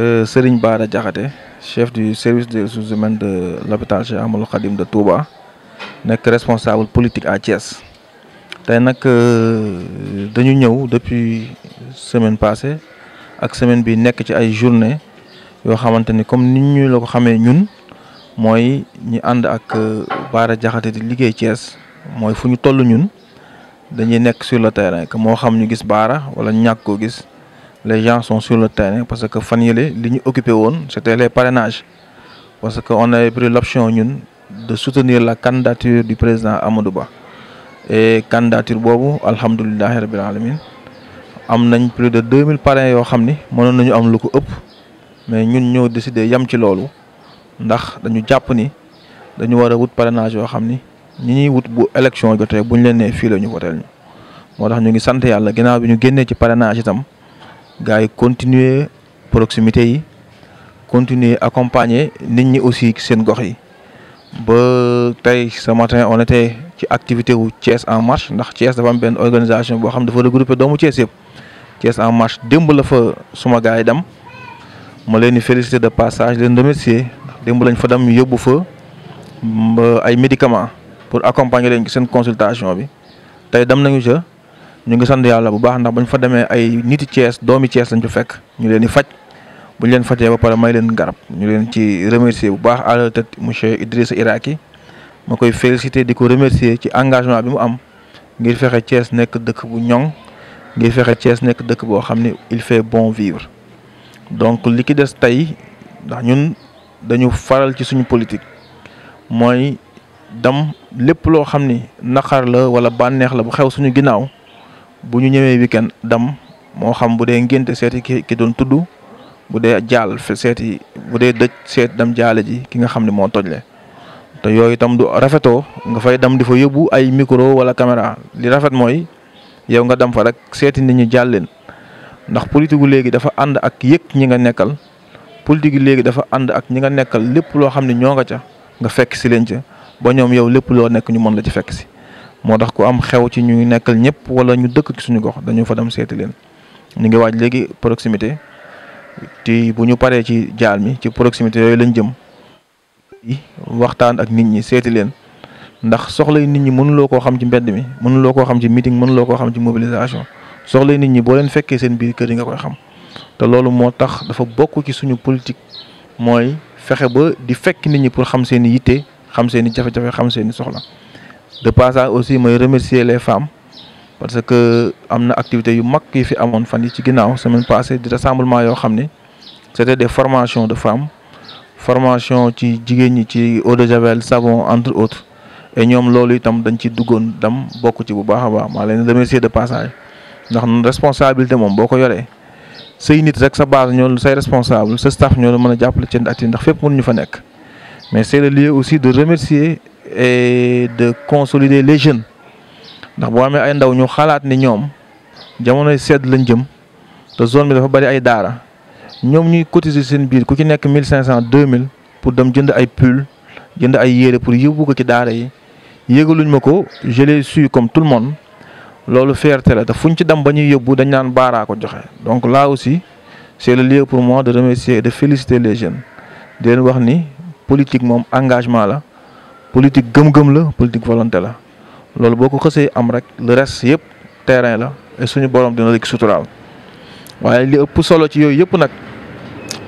Euh, Serigne Bara Diakhaté chef du service des ressources humaines de l'hôpital Cheikh Ahmadou Khadim de Touba nekk responsable politique à Thiès tey nag euh, dañu ñëw depuis semaine passée ak semaine bi nekk ci ay journée yoo xamante ni comme nit ñu la ko xamee ñun mooy ñi ànd ak euh, Bara Diakhaté di liggéey Thiès mooy fu ñu toll ñun dañuy nekk sur le terrain que moo xam ñu gis Bara wala ñàkk koo gis les gens sont sur le terrain parce que fan yile li ñu occupé woon c' était les parce que on avait pris l' ñun de soutenir la candidature du président Amadou Ba et candidature boobu alhamdulilahi rabil alamin am nañ plus de 2000 parrains yoo xam ni mënoon nañu am lu ko ëpp mais ñun ñëw décidé yam ci loolu ndax dañu jàpp ni dañu war wut parenage yoo xam ni ñi ñuy wut bu élection jotee bu ñu leen nee ñu woteel ñu moo tax ñu ngi sant yàlla ginnaaw bi ñu génnee ci parrainage itam gars continuer proximité yi continuer accompagner nit ñi aussi seen gox yi ba tay ce matin on était ci activité wu Thiès en marche ndax Thiès dafa am organisation bo xam dafa regrouper doomu Thiès yëpp Thiès en marche demb la fa suma gars yi dem ma leen di de passage leen remercier demb lañ fa dam yóbbu fa ay médicaments pour accompagner leen seen consultation bi tey dam nañu ca ñu ngi sant yàlla bu baax ndax bañ fa demee ay niti Thiès doomi Thiès lañ fa fekk ñu leen di faj bu ñu leen fajee ba pare may leen garab ñu leen ci remercier bu baax à la tête monsieur Idrissa Iraki ma koy féliciter di ko remercier ci engagement bi mu am ngir fexe cees nekk dëkk bu ñoŋ ngir fexe cees nekk dëkk boo xam ne il fait bon vivre donc li ki des tey ndax ñun dañu faral ci suñu politique mooy dam lépp loo xam ni naqar la wala bànneex la bu xew suñu ginnaaw. bu ñu ñëwee weekend dam moo xam bu dee ngénte seeti ki doon tudd bu dee jaal seeti bu dee dëj seet dem jaale ji ki nga xam ne moo toj le te yooyu itam du rafetoo nga fay dem di fa yóbbu ay micro wala caméra di rafet mooy yow nga dem fa rek seeti ni ñu jàll leen ndax politique léegi dafa ànd ak yëg ñi nga nekkal politique léegi dafa ànd ak ñi nga nekkal lépp loo xam ne ñoo nga ca nga fekk si leen ca ba ñoom yow lépp loo nekk ñu mën la ci fekk si. moo tax ku am xew ci ñu nekkal ñëpp wala ñu dëkk ci suñu gox dañu fa dem seeti leen ñu ngi waaj léegi proximité te bu ñu paree ci jaal mi ci proximité yooyu lañ jëm waxtaan ak nit ñi seeti leen ndax soxlay nit ñi mënuloo koo xam ci mbedd mi mënuloo koo xam ci meeting mënuloo koo xam ci mobilisation soxlay nit ñi boo leen fekkee seen biir kër yi nga koy xam te loolu moo tax dafa bokk ci suñu politique mooy fexe ba di fekk nit ñi pour xam seen i yitte xam seen i jafe xam seen i soxla de passage aussi je remercier les femmes parce que amna activité yu mag yi fi amone fan yi ci ginnaaw semaine passée di rassemblement yo xamné c'était des formations de femmes formation ci jigéen ñi ci eau de javel savon entre autres et ñom loolu itam dañ ci dugon dam bokku ci bu baax a baax maa leen remercier de passage ndax responsabilité mom boko yoré sey nit rek sa base ñol sey responsable sa staff ñol mëna a ci at ndax fep fépp ñu fa nek mais c'est le lieu aussi de remercier et de consolider les jeunes ndax boo amee ay ndaw ñu xalaat ni ñoom jamonoy sedd lañ jëm te zone bi dafa bari ay daara ñoom ñuy cotiser seen biir ku ci nekk mille cinq pour dem jënd ay pull jënd ay yére pour yóbbu ko ci daara yi je l'ai su comme tout le monde loolu fierté la te fuñ ci dem ba ñuy dañ ko donc là aussi c'est le lieu pour moi de remercier et de féliciter les jeunes di leen wax ni politique engagement la politique gëm-gëm la politique volonté la loolu boko xasse am rek le reste yep terrain la et suñu borom dina rek sutural waye li ëpp solo ci yooyu yëpp nag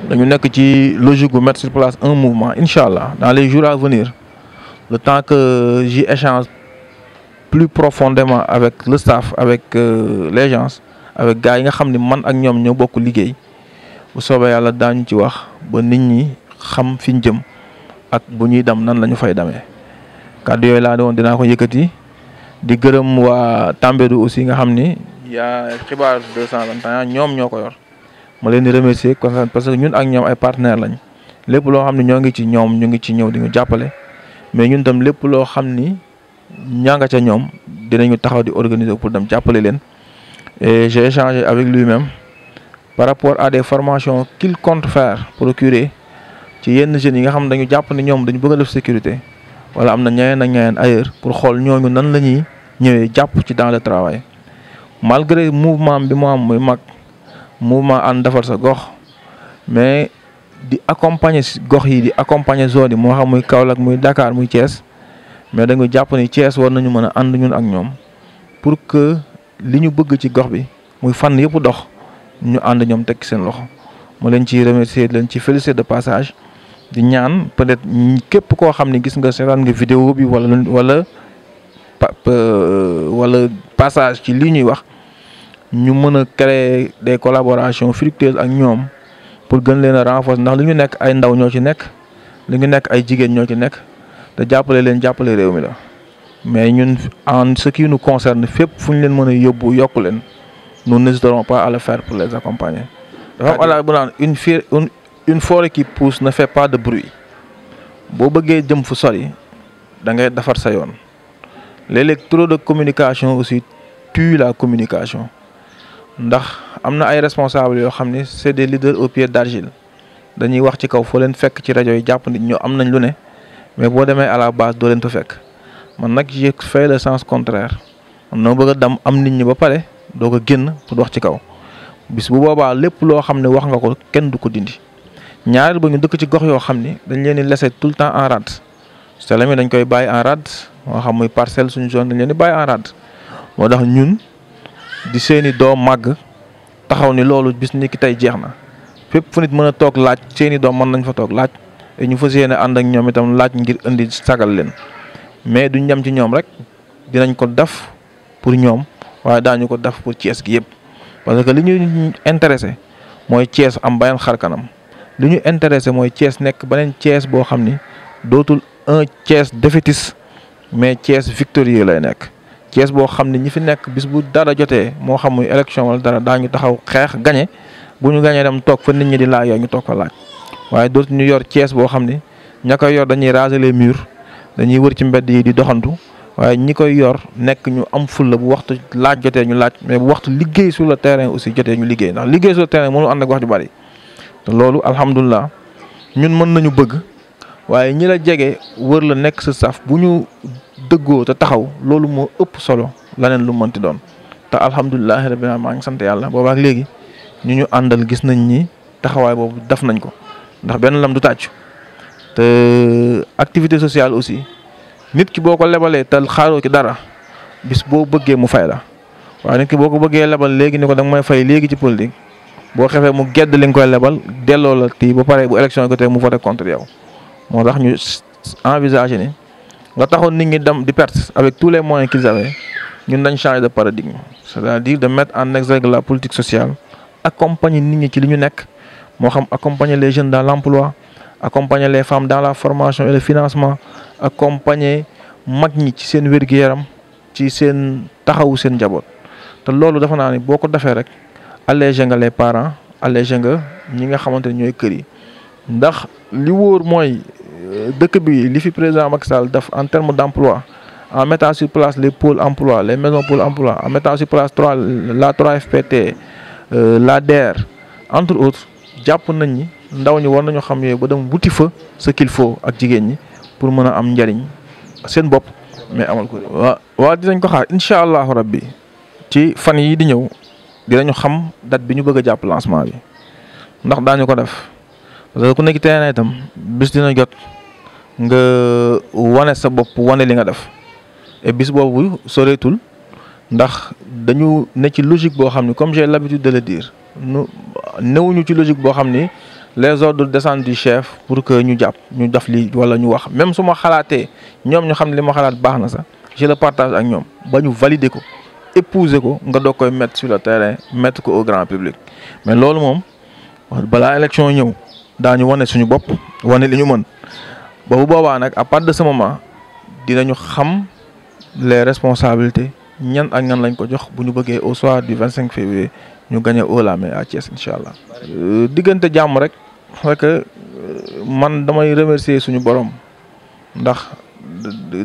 dañu nek ci logique bu mettre sur place un mouvement inshallah allah dans les jours à venir le temps que j'y échange plus profondément avec le staff avec euh, les gens avec gars yi nga xamni man ak ñom ñoo bokku liggéey bu soobee yàlla dañ ci wax ba nit ñi xam fiñ jëm ak bu ñuy dam nan lañu fay demee. kàddu yooyu laa doon dinaa ko yëkkati di gërëm waa Tambédou aussi nga xam ni yaa xibaar 221 ñoom ñoo ko yor ma leen di remercier parce que ñun ak ñoom ay partenaire lañ lépp loo xam ne ñoo ngi ci ñoom ñu ngi ci ñëw di ñu jàppale mais ñun tam lépp loo xam ni ñaa nga ca ñoom dinañu taxaw di organiser pour dem jàppale leen et j'ai échangé avec lui-même par rapport à des formation qu'il compte faire procurer ci yenn jeunes yi nga xam ne dañu jàpp ñoom dañu bëgg def sécurité wala am na ñeneen ak ñeneen ailleurs pour xool ñooñu nan la ñuy ñëwee jàpp ci dans le travail malgré mouvement bi mu am muy mag mouvement ànd defar sa gox mais di accompagner gox yi di accompagner zone yi moo xam muy Kaolack muy Dakar muy Thiès mais dañu jàpp ni Thiès war nañu mën a ànd ñun ak ñoom pour que li ñu bëgg ci gox bi muy fànn yëpp dox ñu ànd ñoom tekk seen loxo ma leen ciy remercier leen ci féliciter de passage. di ñaan peut-être képp koo xam ne gis nga seetaan nga vidéo bi wala wala euh, wala passage ci lii ñuy wax ñu mën a créer des collaboration fructueuses ak ñoom pour gën leen a ndax li ñu nekk ay ndaw ñoo ci nekk li ñu nekk ay jigéen ñoo ci nekk te jàppale leen jàppale réew mi la mais ñun en ce qui nous concerne fépp fu ñu leen mën a yóbbu yokku leen nous n'hésiterons pas à le faire pour les accompagner. dafa am bu naan une une forêt qui pousse ne fait pas de bruit boo bëggee jëm fu sori da ngay defar sa yoon léeg de communication aussi tue la communication ndax amna ay responsables yo xam c'est des leaders aux pieds d'argile dañuy wax ci kaw fo len fekk ci radio yi jàpp nit ñoo am nañ lu ne mais bo démé à la base do len to fekk man nak j'ai fait le sens contraire man bëgg dam am nit ñi ba pare do ko génn pour wax ci kaw bis bu boba lepp lo xam wax nga ko kenn du ko dindi. ñaareel ba ñu dëkk ci gox yoo xam ni dañ leen di laisser le temps en rade Sélé dañ koy bàyyi en rade moo xam muy parcelle suñu zone dañ leen di bàyyi en moo tax ñun di seeni doom màgg taxaw ni loolu bis ni ki tey jeex na fépp fu nit mën a toog laaj seeni doom mën nañ fa toog laaj et ñu fa yéene ànd ak ñoom itam laaj ngir indi sagal leen mais duñ dem ci ñoom rek dinañ ko def pour ñoom waaye daañu ko def pour Thiès gi yëpp parce que li ñu intéressé mooy Thiès am beneen xar kanam li ñu intéressé mooy Thiès nekk beneen cees boo xam ni dootul un Thiès défaitiste mais Thiès victorieux lay nekk cees boo xam ni ñi fi nekk bis bu dara jotee moo xam muy élection wala dara daañu taxaw xeex gañe bu ñu gañee dem toog fa nit ñi di laaj yooyu ñu toog fa laaj waaye dootu ñu yor cees boo xam ni ña koy yor dañuy raser les murs dañuy wër ci mbedd yi di doxantu waaye ñi koy yor nekk ñu am fulla bu waxtu laaj jotee ñu laaj mais bu waxtu liggéey sur le terrain aussi jotee ñu liggéey ndax liggéey sur te loolu alhamdulilah ñun mën nañu bëgg waaye ñi la jege wër la nekk sa saf bu ñu dëggoo te taxaw loolu moo ëpp solo laneen lu mënti doon te alhamdulilah rabbil alamin maa ngi sant yàlla boobaak léegi ñu ñu àndal gis nañ ni taxawaay boobu def nañ ko ndax benn lam du tàcc te activité sociale aussi nit ki boo ko lebalee te xaaroo ci dara bis boo bëggee mu fay la waaye nit ki boo ko bëggee lebal léegi ni ko danga may fay léegi ci politique bo xefé mu gedd li ngoy lebal delo la ti bu pare bu élection ko té mu voter contre yow motax ñu envisager ni nga taxone nit ñi dam di perte avec tous les moyens qu'ils avaient ñun dañ changer de paradigme c'est-à-dire de mettre en exergue la politique sociale accompagner nit ñi ci li ñu nek mo xam accompagner les jeunes dans l'emploi accompagner les femmes dans la formation et le financement accompagner mag ñi ci seen wërgu yaram ci seen taxawu seen jabot te loolu dafa naa ni boo ko defee rek allégé nga les parents allégé nga ñi nga xamante ne ñooy kër yi ndax li wóor mooy euh, dëkk bi li fi président Macky Sall def en terme d' emploi en mettant sur place les pôles emploi les maisons pôles emploi en mettant sur place trois la trois fpt euh, la DER entre autres jàpp nañ ni ndaw ñi war nañu xam yooyu ba dem wuti fa ce qu'il faut ak jigéen ñi pour mën a am njëriñ seen bopp mais amal ko. waaw waaw dinañ ko xaar incha allahu rabbi ci fan yi di ñëw. dinañu xam date bi ñu bëgg a jàpp lancement bi ndax daañu ko def parce que ku nekk terrain itam bis dina jot nga wane sa bopp wane li nga def et bis boobu soreetul ndax dañu ne ci logique boo xam ni comme j'ai l'habitude de le dire nu newuñu ci logique boo xam ni les ordres descendent du chef pour que ñu jàpp ñu def li wala ñu wax même su ma xalaatee ñoom ñu xam ne li ma xalaat baax na sax je le partage ak ñoom ba ñu valider ko. épouser ko nga doog koy mettre sur le terrain mettre ko au grand public mais loolu moom balaa élection ñëw daañu wane suñu bopp wane li ñu mën ba bu boobaa nag à partir de ce moment dinañu xam les responsabilité ñan ak ñan lañ ko jox bu ñu bëggee au soit du vingt cinq février ñu gagné au la à Thiès incha allah. Euh, diggante jàmm rek fekk euh, man damay remercier suñu borom ndax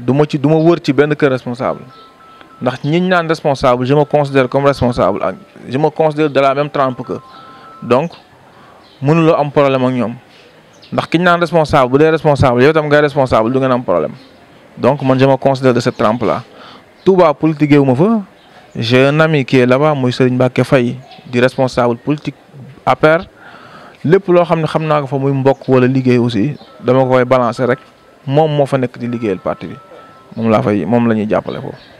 duma ci du ma wër ci benn kër responsable. ndax ñiñ naan responsable je me considère comme responsable je me considère de la même trempe que donc mënuloo am problème ak eux. ndax kiñ naan responsable vous êtes responsable yow tam ngay responsable du ngeen am problème donc moi je me considère de cette trempe là. Tout Touba politique wu ma fa j'ai un ami qui est là-bas muy Serigne Mbacké Faye di responsable politique à lépp loo xam je sais naa ko fa muy mbokk wala liggéey aussi dama koy balancer rek moom moo fa nekk di liggéeyal parti bi moom laa fay moom la ñuy jàppale